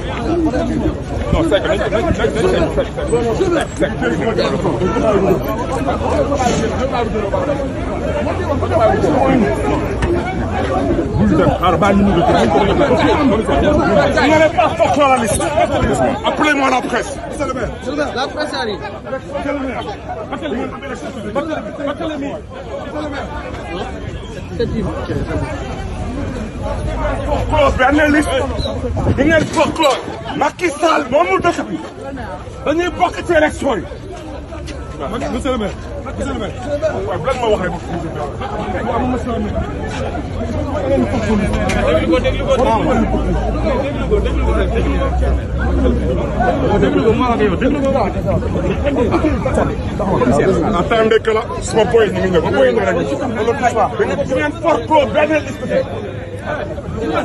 non sec nañ ko nañ sec sec sec bul dem xaar baal ñu ñu vous n'allez pas sortir la liste appelez-moi la presse la presse arrive Barthélemy Barthélemy close bi am na liste di ngeen bokk close Macky Sall moomu dëkk bi dañuy bokk ci élection yi. monsieur le maire monsieur le maire. waaw bu lan ma wax rek. déglu ko déglu ko déglu ko déglu ko maa ngi yow déglu ko. en tant que la sama boy ñu ngi ñëw. boy na rek. loolu touche pas. da ngeen for close benn liste.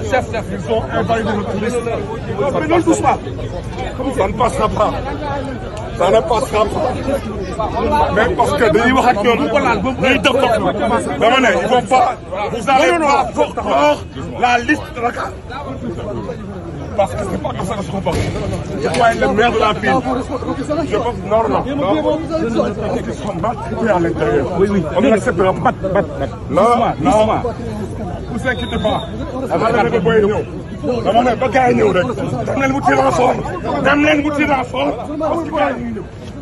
Chef, chef, ils sont invalides de notre liste. Mais mais parce que dañuy wax ak ñoom ñuy def ko dama ne il faut pas vous allez pas corrompre la liste locale parce que c'est pas comme ça que je comporte. waaye le maire de la ville je pense non non. on accepte la bat bat bat. non non. vous inquiétez pas. dama ne booy ñëw. dama ne ba gars yi ñëw rek. dem leen wuti renfort. dem leen wuti renfort parce que gars yi ñuy ñëw.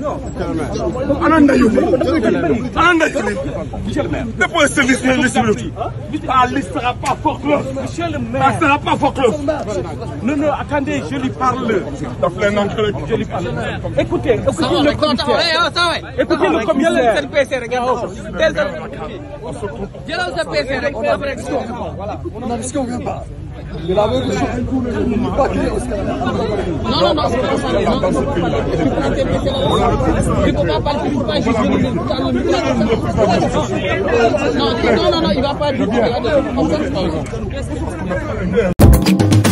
non ana ndayu ana ndayu dépose sa liste ne liste bi ta liste sera pas forclos monsieur le maire elle sera pas forclos non non attendez je lui parle daf leen entré je lui parle écoutez écoutez le commissaire écoutez le commissaire seen PC rek nga xaw jëlal sa PC rek après voilà on en discute pas de la même chose. Pas qu'il est Non, non, non, c'est pas ça. Non, non, il ne faut pas parler, il ne faut pas juger les résultats. Non, non, non, il ne va pas être. Comme ça, c'est pas raison.